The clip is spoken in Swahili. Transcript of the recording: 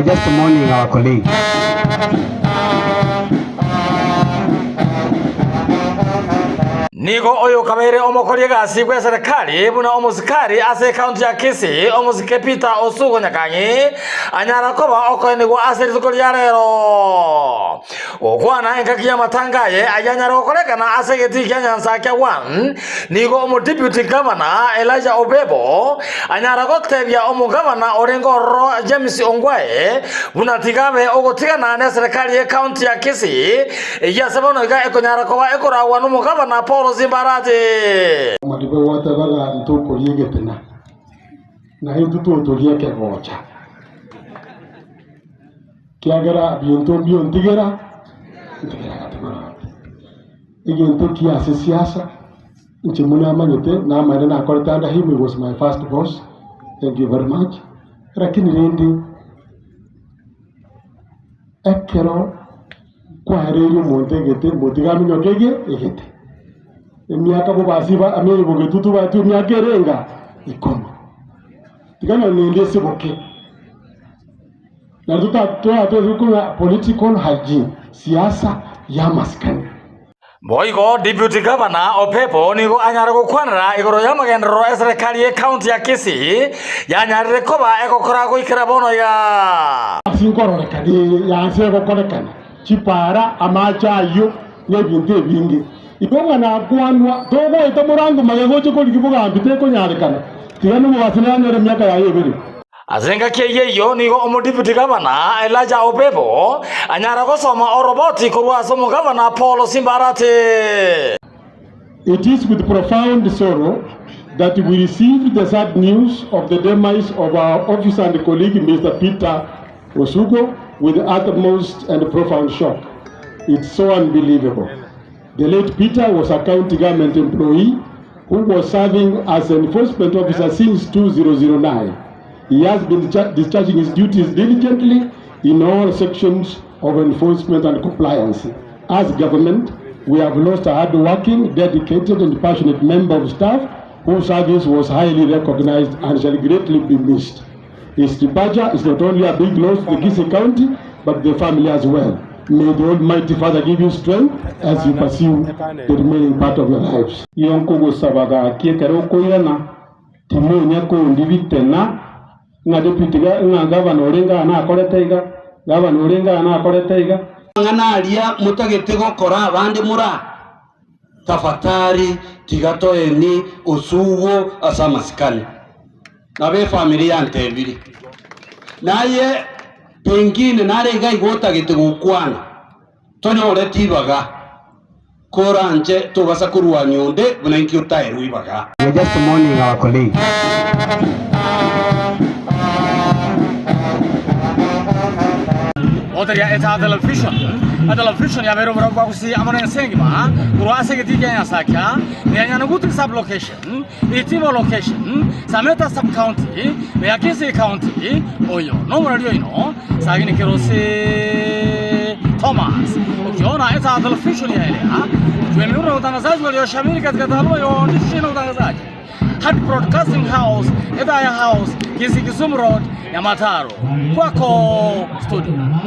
We're just mourning our colleague. Niko oyo kamere omokolega sikwe serikali buna omusikari ase county ya Kisii omusike Peter Osugo nyakanyi anyara koba okoye nigo ase lisoko lyarero okwana enkaki yamatangaye ayanyarokorekana ase giti kianyansakya 1 nigo omodeputy gavana elija obebo anyara gotebia omugavana oringa orro james ongwae buna tigabe ogotigana ne serikali ye county ya kisi eyase bonoiga ekonyara koba ekoragwa nomugavana paul zimbarati madibo wote bagantukurie gĩtĩna na hĩndũ tũtũrie kĩgoca kĩagera bintu mbiondigĩra igento kiase siasa nchimune amanyete namaire nakorete under him was my first boss thank you very much lakini rindi ekero kwahereire omonto egete motigamenya okege egete emiaka bobasiba ameri bogetutu batu emiaka erenga ikomi tiganya nende esiboke na tutatoa tukunya political hygiene siasa ya maskani boigo deputy governor opepo nigo anyara gukwanira igoro ya magendero eserekari ya county ya kisii yanyarire koba egokora guikira bono ya singororeka ni yansi egokorekana chipara amachayo n'ebintu ebingi igo ng'ana kwanwa togoete murango magego chikorikibugambi tekonyarekana tiga nimugasi nanyore miaka yayo ibere azengakiaie iyo nigo omudiputi gavana elaja opebo anyara gosoma oroboti korwa ase omugavana paul simbarate It is with profound sorrow that we received the sad news of the demise of our officer and colleague, Mr. Peter Osugo, with utmost and profound shock. It's so unbelievable. The late Peter was a county government employee who was serving as enforcement officer since 2009. He has been discharging his duties diligently in all sections of enforcement and compliance. As government, we have lost a hard-working, dedicated and passionate member of staff whose service was highly recognized and shall greatly be missed. His departure is not only a big loss to Kisii County, but the family as well. May the Almighty Father give you strength as you pursue the remaining part of your lives ng'a deputy ga ng'a governor orenga ana akorete iga governor orenga ana akorete iga ng'ana aria mutagete gokora abande mura tafatari tigato eni osugo asa masikani nabe family yantebiri naye pengine narega igotagete gukwana tonyore tibaga koranje tobasa kurwa nyonde buna inki utaeru ibaga just morning our colleague odaya television television ya mero mero kwa kusi amana sengi ma kurasa geti kenya saka ya nyana gutu sub location itimo location sameta sub county ya kisi county oyo nomora lio ino sagini kirosi Thomas ukiona eta television ya ile ha tumeona utangazaji walioshamiri katika taaluma ya uandishi na utangazaji Hat Broadcasting House, Edaya House, Kisi Road, Yamataro. Kwako studio.